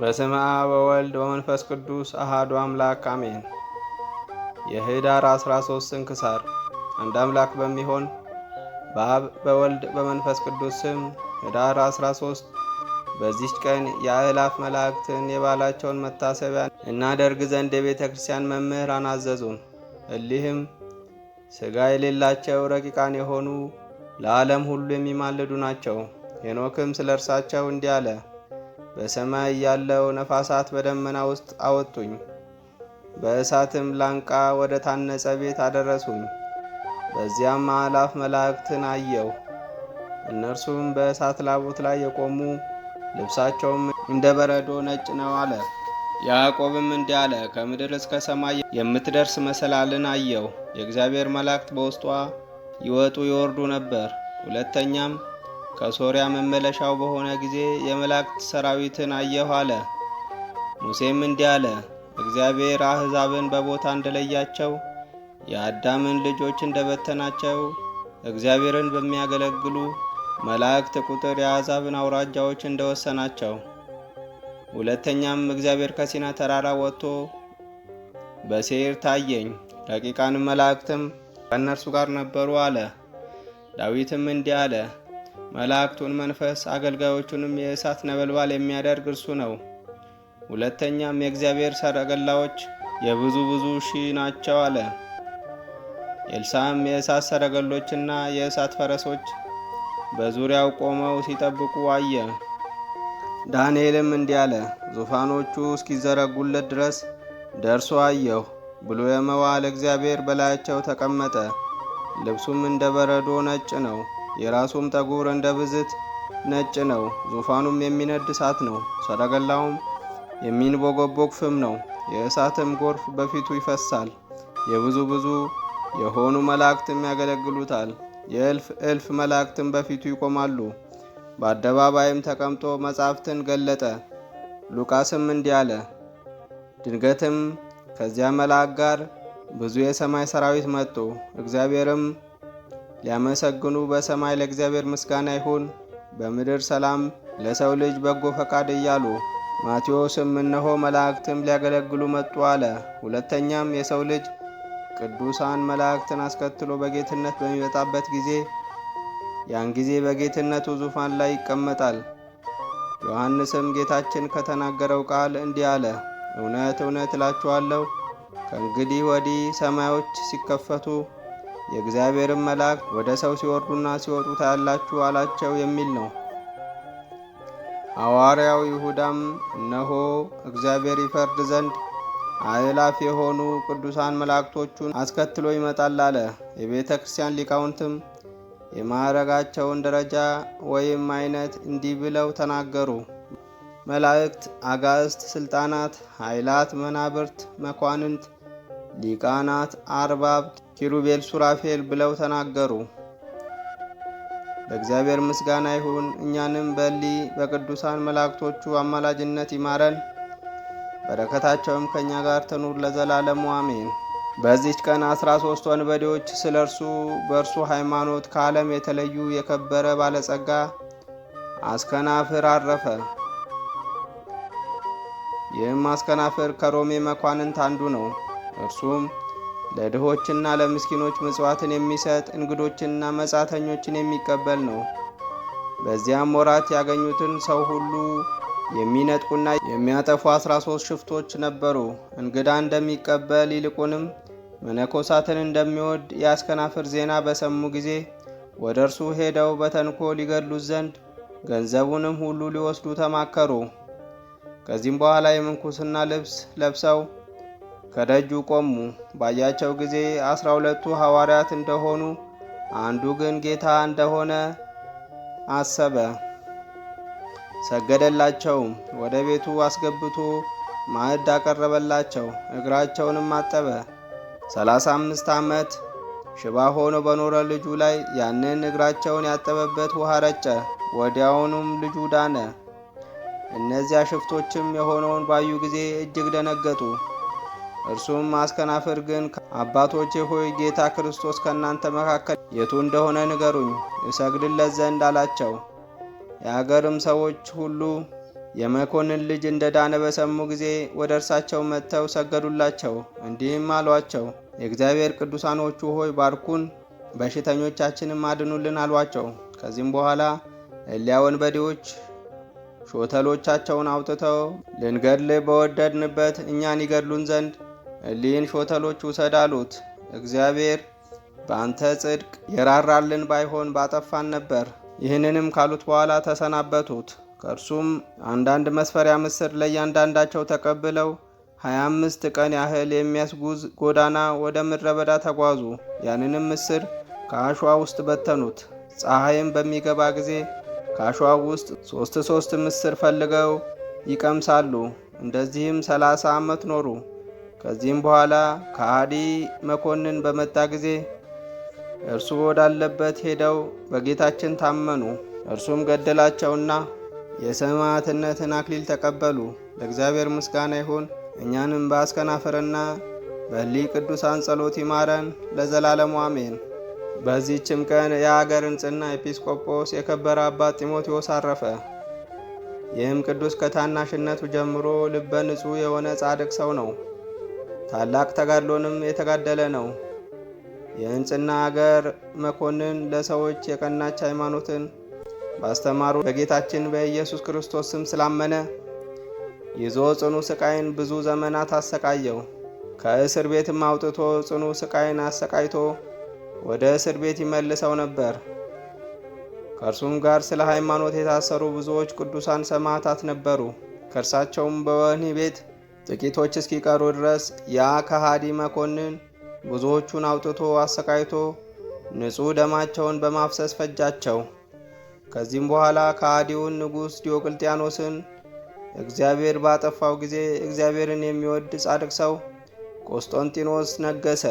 በስመ አብ ወወልድ በመንፈስ ቅዱስ አሃዱ አምላክ አሜን። የህዳር 13 ስንክሳር። አንድ አምላክ በሚሆን በአብ በወልድ በመንፈስ ቅዱስ ስም ህዳር 13 በዚች ቀን የአእላፍ መላእክትን የባላቸውን መታሰቢያ እናደርግ ዘንድ የቤተ ክርስቲያን መምህራን አዘዙን። እሊህም ሥጋ የሌላቸው ረቂቃን የሆኑ ለዓለም ሁሉ የሚማልዱ ናቸው። ሄኖክም ስለ እርሳቸው እንዲህ አለ። በሰማይ ያለው ነፋሳት በደመና ውስጥ አወጡኝ፣ በእሳትም ላንቃ ወደ ታነጸ ቤት አደረሱኝ። በዚያም አላፍ መላእክትን አየው። እነርሱም በእሳት ላቦት ላይ የቆሙ ልብሳቸውም እንደ በረዶ ነጭ ነው አለ። ያዕቆብም እንዲህ አለ፣ ከምድር እስከ ሰማይ የምትደርስ መሰላልን አየው። የእግዚአብሔር መላእክት በውስጧ ይወጡ ይወርዱ ነበር። ሁለተኛም ከሶርያ መመለሻው በሆነ ጊዜ የመላእክት ሰራዊትን አየሁ አለ። ሙሴም እንዲህ አለ፣ እግዚአብሔር አሕዛብን በቦታ እንደለያቸው የአዳምን ልጆች እንደበተናቸው እግዚአብሔርን በሚያገለግሉ መላእክት ቁጥር የአሕዛብን አውራጃዎች እንደወሰናቸው። ሁለተኛም እግዚአብሔር ከሲና ተራራ ወጥቶ በሴር ታየኝ፣ ረቂቃን መላእክትም ከእነርሱ ጋር ነበሩ አለ። ዳዊትም እንዲህ አለ መላእክቱን መንፈስ አገልጋዮቹንም የእሳት ነበልባል የሚያደርግ እርሱ ነው። ሁለተኛም የእግዚአብሔር ሰረገላዎች የብዙ ብዙ ሺህ ናቸው አለ። ኤልሳም የእሳት ሰረገሎችና የእሳት ፈረሶች በዙሪያው ቆመው ሲጠብቁ አየ። ዳንኤልም እንዲህ አለ፣ ዙፋኖቹ እስኪዘረጉለት ድረስ ደርሶ አየሁ ብሎ የመዋል እግዚአብሔር በላያቸው ተቀመጠ። ልብሱም እንደ በረዶ ነጭ ነው። የራሱም ጠጉር እንደ ብዝት ነጭ ነው። ዙፋኑም የሚነድ እሳት ነው። ሰረገላውም የሚንቦገቦግ ፍም ነው። የእሳትም ጎርፍ በፊቱ ይፈሳል። የብዙ ብዙ የሆኑ መላእክትም ያገለግሉታል። የእልፍ እልፍ መላእክትም በፊቱ ይቆማሉ። በአደባባይም ተቀምጦ መጻሕፍትን ገለጠ። ሉቃስም እንዲህ አለ። ድንገትም ከዚያ መልአክ ጋር ብዙ የሰማይ ሰራዊት መጡ። እግዚአብሔርም ሊያመሰግኑ በሰማይ ለእግዚአብሔር ምስጋና ይሁን፣ በምድር ሰላም ለሰው ልጅ በጎ ፈቃድ እያሉ። ማቴዎስም እነሆ መላእክትም ሊያገለግሉ መጡ አለ። ሁለተኛም የሰው ልጅ ቅዱሳን መላእክትን አስከትሎ በጌትነት በሚመጣበት ጊዜ ያን ጊዜ በጌትነቱ ዙፋን ላይ ይቀመጣል። ዮሐንስም ጌታችን ከተናገረው ቃል እንዲህ አለ፣ እውነት እውነት እላችኋለሁ ከእንግዲህ ወዲህ ሰማዮች ሲከፈቱ የእግዚአብሔርን መልአክ ወደ ሰው ሲወርዱና ሲወጡ ታያላችሁ አላቸው የሚል ነው። ሐዋርያው ይሁዳም እነሆ እግዚአብሔር ይፈርድ ዘንድ አእላፍ የሆኑ ቅዱሳን መላእክቶቹን አስከትሎ ይመጣል አለ። የቤተ ክርስቲያን ሊቃውንትም የማዕረጋቸውን ደረጃ ወይም አይነት እንዲህ ብለው ተናገሩ። መላእክት፣ አጋዕስት፣ ስልጣናት፣ ኃይላት፣ መናብርት፣ መኳንንት፣ ሊቃናት፣ አርባብት ኪሩቤል ሱራፌል ብለው ተናገሩ። ለእግዚአብሔር ምስጋና ይሁን። እኛንም በሊ በቅዱሳን መላእክቶቹ አማላጅነት ይማረን፣ በረከታቸውም ከእኛ ጋር ትኑር ለዘላለሙ አሜን። በዚች ቀን አስራ ሶስት ወንበዴዎች ስለ እርሱ በእርሱ ሃይማኖት ከዓለም የተለዩ የከበረ ባለጸጋ አስከናፍር አረፈ። ይህም አስከናፍር ከሮሜ መኳንንት አንዱ ነው። እርሱም ለድሆችና ለምስኪኖች ምጽዋትን የሚሰጥ እንግዶችንና መጻተኞችን የሚቀበል ነው። በዚያም ወራት ያገኙትን ሰው ሁሉ የሚነጥቁና የሚያጠፉ አስራ ሶስት ሽፍቶች ነበሩ። እንግዳ እንደሚቀበል ይልቁንም መነኮሳትን እንደሚወድ የአስከናፍር ዜና በሰሙ ጊዜ ወደ እርሱ ሄደው በተንኮ ሊገድሉት ዘንድ ገንዘቡንም ሁሉ ሊወስዱ ተማከሩ። ከዚህም በኋላ የምንኩስና ልብስ ለብሰው ከደጁ ቆሙ። ባያቸው ጊዜ አስራ ሁለቱ ሐዋርያት እንደሆኑ አንዱ ግን ጌታ እንደሆነ አሰበ። ሰገደላቸውም። ወደ ቤቱ አስገብቶ ማዕድ አቀረበላቸው። እግራቸውንም አጠበ። ሰላሳ አምስት ዓመት ሽባ ሆኖ በኖረ ልጁ ላይ ያንን እግራቸውን ያጠበበት ውሃ ረጨ። ወዲያውኑም ልጁ ዳነ። እነዚያ ሽፍቶችም የሆነውን ባዩ ጊዜ እጅግ ደነገጡ። እርሱም ማስከናፈር ግን አባቶቼ ሆይ ጌታ ክርስቶስ ከእናንተ መካከል የቱ እንደሆነ ንገሩኝ እሰግድለት ዘንድ አላቸው። የአገርም ሰዎች ሁሉ የመኮንን ልጅ እንደ ዳነ በሰሙ ጊዜ ወደ እርሳቸው መጥተው ሰገዱላቸው። እንዲህም አሏቸው፣ የእግዚአብሔር ቅዱሳኖቹ ሆይ ባርኩን፣ በሽተኞቻችንም አድኑልን አሏቸው። ከዚህም በኋላ እሊያ ወንበዴዎች ሾተሎቻቸውን አውጥተው ልንገድል በወደድንበት እኛን ይገድሉን ዘንድ እሊህን ሾተሎች ውሰድ አሉት። እግዚአብሔር በአንተ ጽድቅ የራራልን ባይሆን ባጠፋን ነበር። ይህንንም ካሉት በኋላ ተሰናበቱት። ከእርሱም አንዳንድ መስፈሪያ ምስር ለእያንዳንዳቸው ተቀብለው ሀያ አምስት ቀን ያህል የሚያስጉዝ ጎዳና ወደ ምድረ በዳ ተጓዙ። ያንንም ምስር ከአሸዋ ውስጥ በተኑት። ፀሐይም በሚገባ ጊዜ ከአሸዋ ውስጥ ሶስት ሶስት ምስር ፈልገው ይቀምሳሉ። እንደዚህም ሰላሳ ዓመት ኖሩ። ከዚህም በኋላ ከሃዲ መኮንን በመጣ ጊዜ እርሱ ወዳለበት ሄደው በጌታችን ታመኑ። እርሱም ገደላቸውና የሰማዕትነትን አክሊል ተቀበሉ። ለእግዚአብሔር ምስጋና ይሁን። እኛንም በአስከናፍርና በሊ ቅዱሳን ጸሎት ይማረን ለዘላለሙ አሜን። በዚህችም ቀን የአገር እንጽና ኤጲስቆጶስ የከበረ አባት ጢሞቴዎስ አረፈ። ይህም ቅዱስ ከታናሽነቱ ጀምሮ ልበ ንጹሕ የሆነ ጻድቅ ሰው ነው። ታላቅ ተጋድሎንም የተጋደለ ነው። የህንጽና አገር መኮንን ለሰዎች የቀናች ሃይማኖትን ባስተማሩ በጌታችን በኢየሱስ ክርስቶስ ስም ስላመነ ይዞ ጽኑ ስቃይን ብዙ ዘመናት አሰቃየው። ከእስር ቤትም አውጥቶ ጽኑ ስቃይን አሰቃይቶ ወደ እስር ቤት ይመልሰው ነበር። ከእርሱም ጋር ስለ ሃይማኖት የታሰሩ ብዙዎች ቅዱሳን ሰማዕታት ነበሩ። ከእርሳቸውም በወህኒ ቤት ጥቂቶች እስኪቀሩ ድረስ ያ ከሃዲ መኮንን ብዙዎቹን አውጥቶ አሰቃይቶ ንጹሕ ደማቸውን በማፍሰስ ፈጃቸው። ከዚህም በኋላ ከሃዲውን ንጉሥ ዲዮቅልጥያኖስን እግዚአብሔር ባጠፋው ጊዜ እግዚአብሔርን የሚወድ ጻድቅ ሰው ቆስጦንጢኖስ ነገሰ።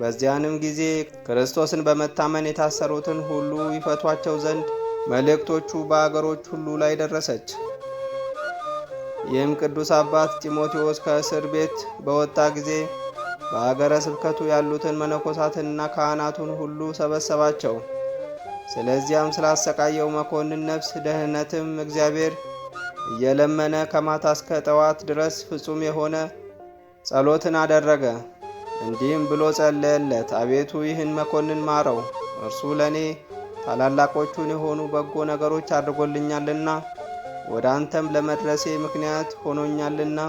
በዚያንም ጊዜ ክርስቶስን በመታመን የታሰሩትን ሁሉ ይፈቷቸው ዘንድ መልእክቶቹ በአገሮች ሁሉ ላይ ደረሰች። ይህም ቅዱስ አባት ጢሞቴዎስ ከእስር ቤት በወጣ ጊዜ በአገረ ስብከቱ ያሉትን መነኮሳትንና ካህናቱን ሁሉ ሰበሰባቸው። ስለዚያም ስላሰቃየው መኮንን ነፍስ ደህንነትም እግዚአብሔር እየለመነ ከማታ እስከ ጠዋት ድረስ ፍጹም የሆነ ጸሎትን አደረገ። እንዲህም ብሎ ጸለየለት፣ አቤቱ ይህን መኮንን ማረው፣ እርሱ ለእኔ ታላላቆቹን የሆኑ በጎ ነገሮች አድርጎልኛልና ወደ አንተም ለመድረሴ ምክንያት ሆኖኛልና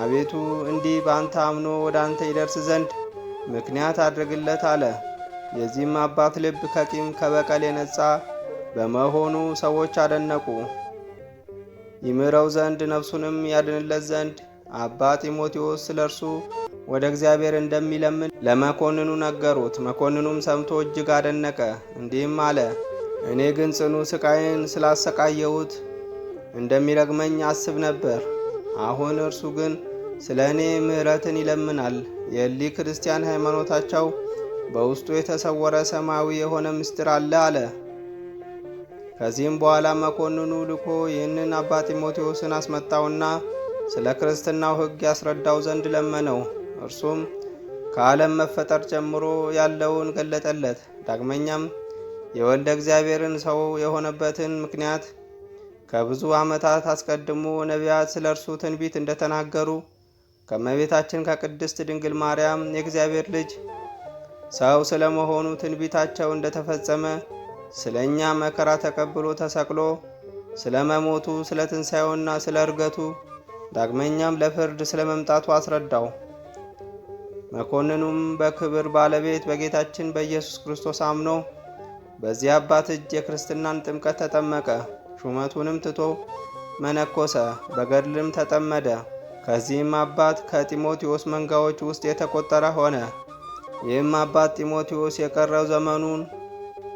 አቤቱ እንዲህ በአንተ አምኖ ወደ አንተ ይደርስ ዘንድ ምክንያት አድርግለት አለ። የዚህም አባት ልብ ከቂም ከበቀል የነጻ በመሆኑ ሰዎች አደነቁ። ይምረው ዘንድ ነፍሱንም ያድንለት ዘንድ አባ ጢሞቴዎስ ስለ እርሱ ወደ እግዚአብሔር እንደሚለምን ለመኮንኑ ነገሩት። መኮንኑም ሰምቶ እጅግ አደነቀ፣ እንዲህም አለ፦ እኔ ግን ጽኑ ስቃይን ስላሰቃየሁት እንደሚረግመኝ አስብ ነበር። አሁን እርሱ ግን ስለ እኔ ምሕረትን ይለምናል። የሊ ክርስቲያን ሃይማኖታቸው በውስጡ የተሰወረ ሰማያዊ የሆነ ምስጢር አለ አለ። ከዚህም በኋላ መኮንኑ ልኮ ይህንን አባ ጢሞቴዎስን አስመጣውና ስለ ክርስትናው ሕግ ያስረዳው ዘንድ ለመነው። እርሱም ከዓለም መፈጠር ጀምሮ ያለውን ገለጠለት። ዳግመኛም የወልደ እግዚአብሔርን ሰው የሆነበትን ምክንያት ከብዙ ዓመታት አስቀድሞ ነቢያት ስለ እርሱ ትንቢት እንደተናገሩ ከመቤታችን ከቅድስት ድንግል ማርያም የእግዚአብሔር ልጅ ሰው ስለ መሆኑ ትንቢታቸው እንደተፈጸመ ስለ እኛ መከራ ተቀብሎ ተሰቅሎ ስለ መሞቱ፣ ስለ ትንሣኤውና ስለ እርገቱ ዳግመኛም ለፍርድ ስለ መምጣቱ አስረዳው። መኮንኑም በክብር ባለቤት በጌታችን በኢየሱስ ክርስቶስ አምኖ በዚህ አባት እጅ የክርስትናን ጥምቀት ተጠመቀ። ሹመቱንም ትቶ መነኮሰ፣ በገድልም ተጠመደ። ከዚህም አባት ከጢሞቴዎስ መንጋዎች ውስጥ የተቆጠረ ሆነ። ይህም አባት ጢሞቴዎስ የቀረው ዘመኑን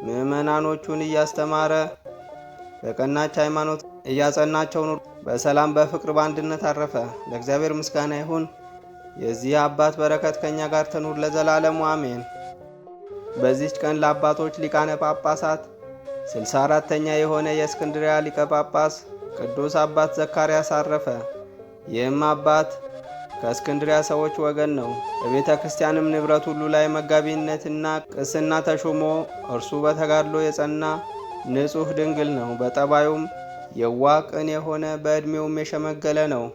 ምዕመናኖቹን እያስተማረ በቀናች ሃይማኖት እያጸናቸው ኑሮ በሰላም በፍቅር በአንድነት አረፈ። ለእግዚአብሔር ምስጋና ይሁን። የዚህ አባት በረከት ከእኛ ጋር ትኑር ለዘላለሙ አሜን። በዚች ቀን ለአባቶች ሊቃነ ጳጳሳት ስልሳ አራተኛ የሆነ የእስክንድሪያ ሊቀ ጳጳስ ቅዱስ አባት ዘካርያስ አረፈ። ይህም አባት ከእስክንድሪያ ሰዎች ወገን ነው። በቤተ ክርስቲያንም ንብረት ሁሉ ላይ መጋቢነትና ቅስና ተሾሞ እርሱ በተጋድሎ የጸና ንጹሕ ድንግል ነው። በጠባዩም ቅን የሆነ በዕድሜውም የሸመገለ ነው።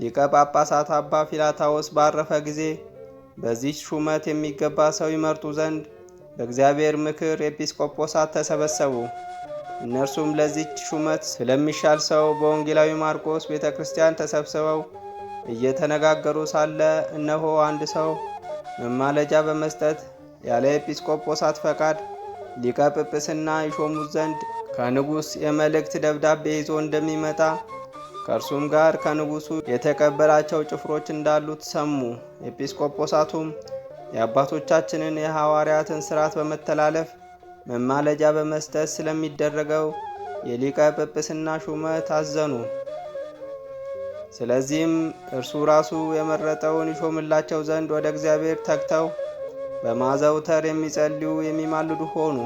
ሊቀ ጳጳሳት አባ ፊላታዎስ ባረፈ ጊዜ በዚህ ሹመት የሚገባ ሰው ይመርጡ ዘንድ በእግዚአብሔር ምክር ኤጲስቆጶሳት ተሰበሰቡ። እነርሱም ለዚች ሹመት ስለሚሻል ሰው በወንጌላዊ ማርቆስ ቤተ ክርስቲያን ተሰብስበው እየተነጋገሩ ሳለ እነሆ አንድ ሰው መማለጃ በመስጠት ያለ ኤጲስቆጶሳት ፈቃድ ሊቀ ጵጵስና ይሾሙት ዘንድ ከንጉሥ የመልእክት ደብዳቤ ይዞ እንደሚመጣ ከእርሱም ጋር ከንጉሡ የተቀበላቸው ጭፍሮች እንዳሉት ሰሙ። ኤጲስቆጶሳቱም የአባቶቻችንን የሐዋርያትን ሥርዓት በመተላለፍ መማለጃ በመስጠት ስለሚደረገው የሊቀ ጵጵስና ሹመት አዘኑ። ስለዚህም እርሱ ራሱ የመረጠውን ይሾምላቸው ዘንድ ወደ እግዚአብሔር ተግተው በማዘውተር የሚጸልዩ የሚማልዱ ሆኑ።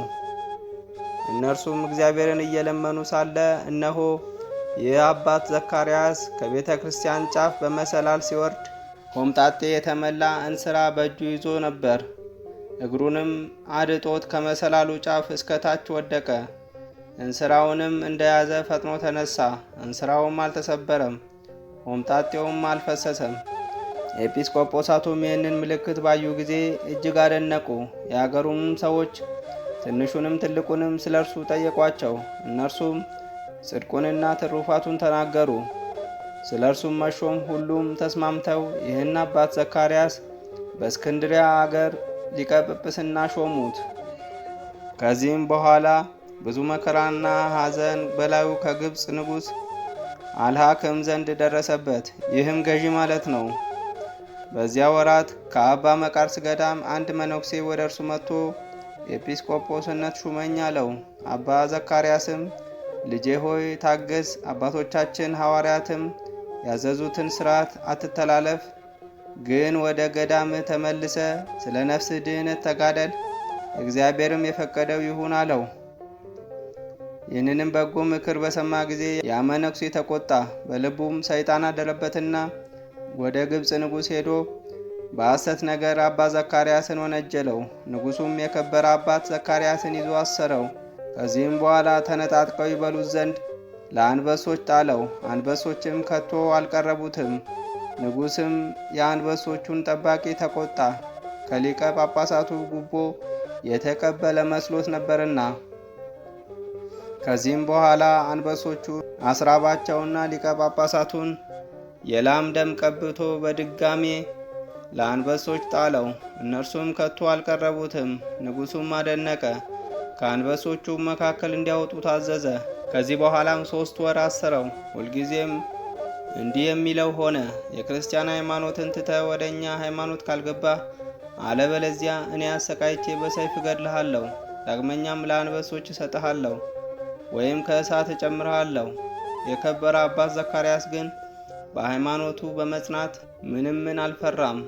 እነርሱም እግዚአብሔርን እየለመኑ ሳለ እነሆ ይህ አባት ዘካርያስ ከቤተ ክርስቲያን ጫፍ በመሰላል ሲወርድ ሆምጣጤ የተመላ እንስራ በእጁ ይዞ ነበር። እግሩንም አድጦት ከመሰላሉ ጫፍ እስከ ታች ወደቀ። እንስራውንም እንደያዘ ፈጥኖ ተነሳ። እንስራውም አልተሰበረም፣ ሆምጣጤውም አልፈሰሰም። ኤጲስቆጶሳቱም ይህንን ምልክት ባዩ ጊዜ እጅግ አደነቁ። የአገሩም ሰዎች ትንሹንም ትልቁንም ስለ እርሱ ጠየቋቸው። እነርሱም ጽድቁንና ትሩፋቱን ተናገሩ። ስለ እርሱም መሾም ሁሉም ተስማምተው ይህን አባት ዘካርያስ በእስክንድሪያ አገር ሊቀ ጵጵስና ሾሙት። ከዚህም በኋላ ብዙ መከራና ሐዘን በላዩ ከግብፅ ንጉሥ አልሃክም ዘንድ ደረሰበት። ይህም ገዢ ማለት ነው። በዚያ ወራት ከአባ መቃርስ ገዳም አንድ መነኩሴ ወደ እርሱ መጥቶ ኤጲስቆጶስነት ሹመኝ አለው። አባ ዘካርያስም ልጄ ሆይ ታገስ፣ አባቶቻችን ሐዋርያትም ያዘዙትን ስርዓት አትተላለፍ፣ ግን ወደ ገዳም ተመልሰ ስለ ነፍስህ ድህነት ተጋደል፣ እግዚአብሔርም የፈቀደው ይሁን አለው። ይህንንም በጎ ምክር በሰማ ጊዜ ያ የተቆጣ ተቆጣ፣ በልቡም ሰይጣን አደረበትና ወደ ግብፅ ንጉሥ ሄዶ በሐሰት ነገር አባ ዘካርያስን ወነጀለው። ንጉሡም የከበረ አባት ዘካርያስን ይዞ አሰረው። ከዚህም በኋላ ተነጣጥቀው ይበሉት ዘንድ ለአንበሶች ጣለው። አንበሶችም ከቶ አልቀረቡትም። ንጉሥም የአንበሶቹን ጠባቂ ተቆጣ፣ ከሊቀ ጳጳሳቱ ጉቦ የተቀበለ መስሎት ነበርና። ከዚህም በኋላ አንበሶቹ አስራባቸውና ሊቀ ጳጳሳቱን የላም ደም ቀብቶ በድጋሜ ለአንበሶች ጣለው። እነርሱም ከቶ አልቀረቡትም። ንጉሡም አደነቀ። ከአንበሶቹ መካከል እንዲያወጡ ታዘዘ። ከዚህ በኋላም ሶስት ወር አሰረው። ሁልጊዜም እንዲህ የሚለው ሆነ፣ የክርስቲያን ሃይማኖትን ትተህ ወደ እኛ ሃይማኖት ካልገባ አለበለዚያ እኔ አሰቃይቼ በሰይፍ እገድልሃለሁ፣ ዳግመኛም ለአንበሶች እሰጥሃለሁ ወይም ከእሳት እጨምርሃለሁ። የከበረ አባት ዘካርያስ ግን በሃይማኖቱ በመጽናት ምንም ምን አልፈራም።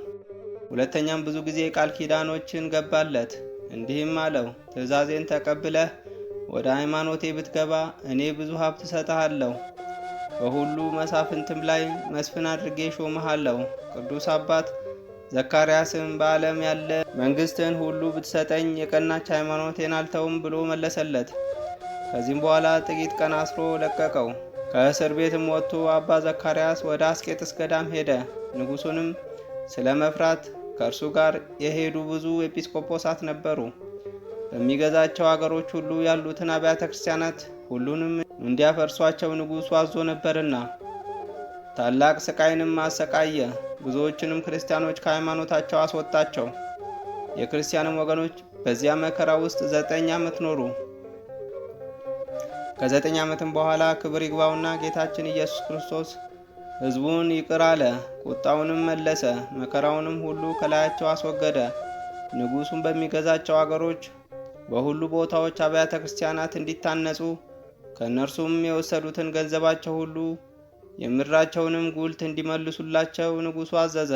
ሁለተኛም ብዙ ጊዜ ቃል ኪዳኖችን ገባለት፣ እንዲህም አለው፦ ትእዛዜን ተቀብለህ ወደ ሃይማኖቴ ብትገባ እኔ ብዙ ሀብት እሰጥሃለሁ፣ በሁሉ መሳፍንትም ላይ መስፍን አድርጌ ሾመሃለሁ። ቅዱስ አባት ዘካርያስም በዓለም ያለ መንግሥትን ሁሉ ብትሰጠኝ የቀናች ሃይማኖቴን አልተውም ብሎ መለሰለት። ከዚህም በኋላ ጥቂት ቀን አስሮ ለቀቀው። ከእስር ቤትም ወጥቶ አባ ዘካርያስ ወደ አስቄጥስ ገዳም ሄደ። ንጉሱንም ስለ መፍራት ከእርሱ ጋር የሄዱ ብዙ ኤጲስቆጶሳት ነበሩ። በሚገዛቸው አገሮች ሁሉ ያሉትን አብያተ ክርስቲያናት ሁሉንም እንዲያፈርሷቸው ንጉሡ አዞ ነበርና ታላቅ ስቃይንም አሰቃየ። ብዙዎችንም ክርስቲያኖች ከሃይማኖታቸው አስወጣቸው። የክርስቲያንም ወገኖች በዚያ መከራ ውስጥ ዘጠኝ ዓመት ኖሩ። ከዘጠኝ ዓመትም በኋላ ክብር ይግባውና ጌታችን ኢየሱስ ክርስቶስ ሕዝቡን ይቅር አለ፣ ቁጣውንም መለሰ፣ መከራውንም ሁሉ ከላያቸው አስወገደ። ንጉሡም በሚገዛቸው አገሮች በሁሉ ቦታዎች አብያተ ክርስቲያናት እንዲታነጹ ከእነርሱም የወሰዱትን ገንዘባቸው ሁሉ የምድራቸውንም ጉልት እንዲመልሱላቸው ንጉሡ አዘዘ።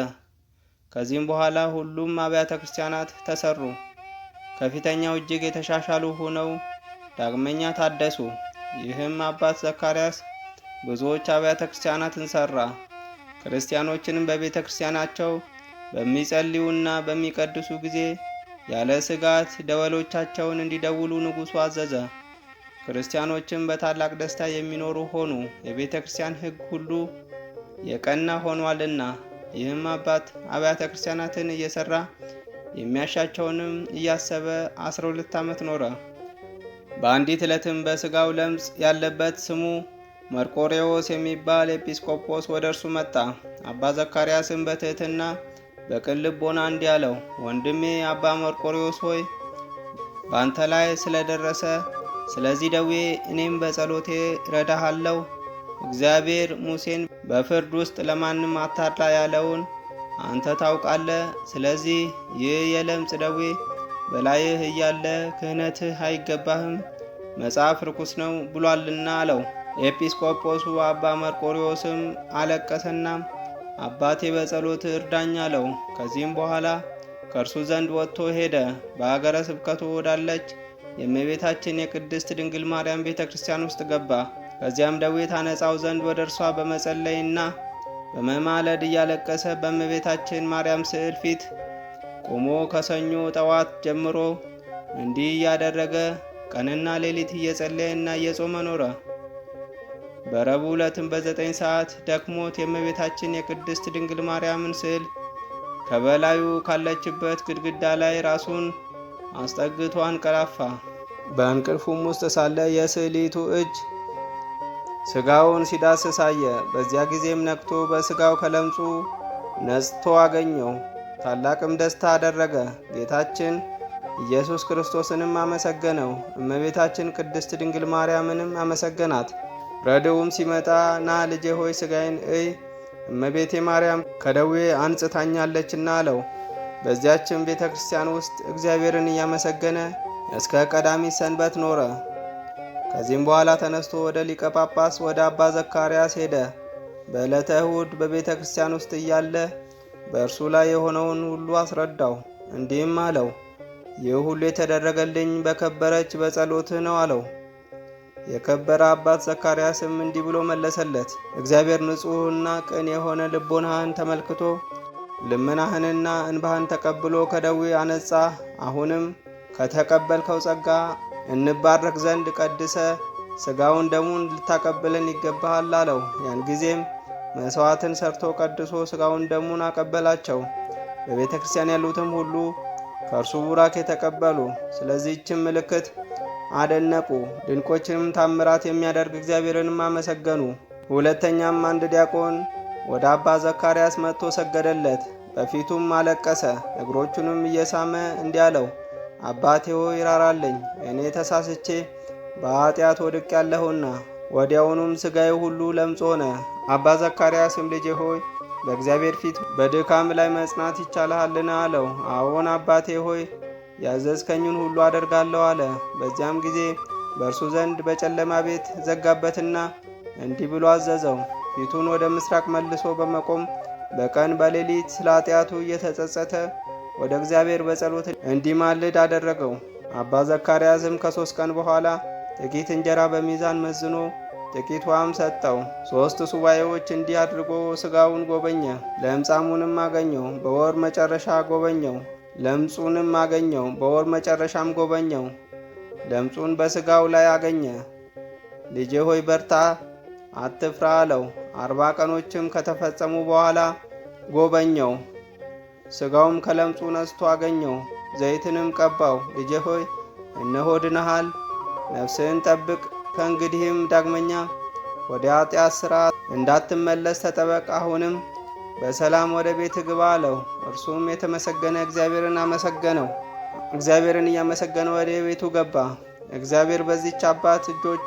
ከዚህም በኋላ ሁሉም አብያተ ክርስቲያናት ተሰሩ፣ ከፊተኛው እጅግ የተሻሻሉ ሆነው ዳግመኛ ታደሱ። ይህም አባት ዘካርያስ ብዙዎች አብያተ ክርስቲያናትን እንሰራ ክርስቲያኖችንም በቤተ ክርስቲያናቸው በሚጸልዩና በሚቀድሱ ጊዜ ያለ ስጋት ደወሎቻቸውን እንዲደውሉ ንጉሡ አዘዘ። ክርስቲያኖችም በታላቅ ደስታ የሚኖሩ ሆኑ፣ የቤተ ክርስቲያን ሕግ ሁሉ የቀና ሆኗልና። ይህም አባት አብያተ ክርስቲያናትን እየሰራ የሚያሻቸውንም እያሰበ 12 ዓመት ኖረ። በአንዲት ዕለትም በስጋው ለምጽ ያለበት ስሙ መርቆሬዎስ የሚባል ኤጲስቆጶስ ወደ እርሱ መጣ። አባ ዘካርያስም በትሕትና በቅን ልቦና እንዲህ አለው፣ ወንድሜ አባ መርቆሪዎስ ሆይ በአንተ ላይ ስለደረሰ ስለዚህ ደዌ እኔም በጸሎቴ ረዳሃለሁ። እግዚአብሔር ሙሴን በፍርድ ውስጥ ለማንም አታድላ ያለውን አንተ ታውቃለህ። ስለዚህ ይህ የለምጽ ደዌ በላይህ እያለ ክህነትህ አይገባህም፣ መጽሐፍ ርኩስ ነው ብሏልና አለው። ኤጲስቆጶሱ አባ መርቆሪዎስም አለቀሰናም አባቴ በጸሎት እርዳኝ አለው። ከዚህም በኋላ ከእርሱ ዘንድ ወጥቶ ሄደ። በሀገረ ስብከቱ ወዳለች የእመቤታችን የቅድስት ድንግል ማርያም ቤተ ክርስቲያን ውስጥ ገባ። ከዚያም ደዌ ታነጻው ዘንድ ወደ እርሷ በመጸለይና በመማለድ እያለቀሰ በእመቤታችን ማርያም ስዕል ፊት ቆሞ ከሰኞ ጠዋት ጀምሮ እንዲህ እያደረገ ቀንና ሌሊት እየጸለየና እየጾመ ኖረ። በረቡዕ ዕለትም በዘጠኝ ሰዓት ደክሞት የእመቤታችን የቅድስት ድንግል ማርያምን ስዕል ከበላዩ ካለችበት ግድግዳ ላይ ራሱን አስጠግቶ አንቀላፋ። በእንቅልፉም ውስጥ ሳለ የስዕሊቱ እጅ ስጋውን ሲዳስስ አየ። በዚያ ጊዜም ነቅቶ በስጋው ከለምጹ ነጽቶ አገኘው። ታላቅም ደስታ አደረገ። ጌታችን ኢየሱስ ክርስቶስንም አመሰገነው። እመቤታችን ቅድስት ድንግል ማርያምንም አመሰገናት። ረድውም ሲመጣ ና ልጄ ሆይ ሥጋዬን እይ እመቤቴ ማርያም ከደዌ አንጽታኛለችና አለው። በዚያችን ቤተ ክርስቲያን ውስጥ እግዚአብሔርን እያመሰገነ እስከ ቀዳሚ ሰንበት ኖረ። ከዚህም በኋላ ተነስቶ ወደ ሊቀ ጳጳስ ወደ አባ ዘካርያስ ሄደ። በዕለተ እሁድ በቤተ ክርስቲያን ውስጥ እያለ በእርሱ ላይ የሆነውን ሁሉ አስረዳው። እንዲህም አለው፣ ይህ ሁሉ የተደረገልኝ በከበረች በጸሎትህ ነው አለው። የከበረ አባት ዘካርያስም እንዲህ ብሎ መለሰለት፣ እግዚአብሔር ንጹሕና ቅን የሆነ ልቦናህን ተመልክቶ ልመናህንና እንባህን ተቀብሎ ከደዌ አነጻ። አሁንም ከተቀበልከው ጸጋ እንባረክ ዘንድ ቀድሰ ስጋውን ደሙን ልታቀብለን ይገባሃል አለው። ያን ጊዜም መስዋዕትን ሰርቶ ቀድሶ ስጋውን ደሙን አቀበላቸው። በቤተ ክርስቲያን ያሉትም ሁሉ ከእርሱ ቡራኬ ተቀበሉ። ስለዚህችም ምልክት አደነቁ። ድንቆችንም ታምራት የሚያደርግ እግዚአብሔርንም አመሰገኑ። ሁለተኛም አንድ ዲያቆን ወደ አባ ዘካርያስ መጥቶ ሰገደለት፣ በፊቱም አለቀሰ። እግሮቹንም እየሳመ እንዲህ አለው፣ አባቴ ሆይ ራራለኝ፣ እኔ ተሳስቼ በኃጢአት ወድቅ ያለሁና። ወዲያውኑም ሥጋዬ ሁሉ ለምጽ ሆነ። አባ ዘካርያስም ልጄ ሆይ በእግዚአብሔር ፊት በድካም ላይ መጽናት ይቻልሃልን? አለው። አዎን አባቴ ሆይ ያዘዝከኝን ሁሉ አደርጋለሁ አለ። በዚያም ጊዜ በእርሱ ዘንድ በጨለማ ቤት ዘጋበትና እንዲህ ብሎ አዘዘው፣ ፊቱን ወደ ምስራቅ መልሶ በመቆም በቀን በሌሊት ስለ ኃጢአቱ እየተጸጸተ ወደ እግዚአብሔር በጸሎት እንዲማልድ አደረገው። አባ ዘካርያስም ከሦስት ቀን በኋላ ጥቂት እንጀራ በሚዛን መዝኖ ጥቂት ውሃም ሰጠው። ሦስት ሱባኤዎች እንዲህ አድርጎ ሥጋውን ጎበኘ። ለምጻሙንም አገኘው። በወር መጨረሻ ጎበኘው። ለምጹንም አገኘው። በወር መጨረሻም ጎበኘው። ለምጹን በስጋው ላይ አገኘ። ልጄ ሆይ በርታ፣ አትፍራ አለው። አርባ ቀኖችም ከተፈጸሙ በኋላ ጎበኘው። ስጋውም ከለምጹ ነስቶ አገኘው። ዘይትንም ቀባው። ልጄ ሆይ እነሆ ድነሃል፣ ነፍስህን ጠብቅ። ከእንግዲህም ዳግመኛ ወደ ኃጢአት ሥራ እንዳትመለስ ተጠበቅ። አሁንም በሰላም ወደ ቤት ግባ አለው። እርሱም የተመሰገነ እግዚአብሔርን አመሰገነው። እግዚአብሔርን እያመሰገነ ወደ ቤቱ ገባ። እግዚአብሔር በዚች አባት እጆች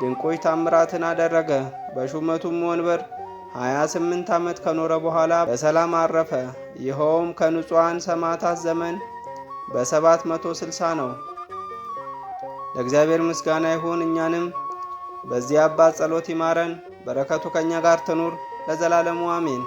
ድንቆች ታምራትን አደረገ። በሹመቱም ወንበር 28 ዓመት ከኖረ በኋላ በሰላም አረፈ። ይኸውም ከንጹሐን ሰማዕታት ዘመን በ760 ነው። ለእግዚአብሔር ምስጋና ይሁን። እኛንም በዚህ አባት ጸሎት ይማረን፣ በረከቱ ከእኛ ጋር ትኑር ለዘላለሙ አሜን።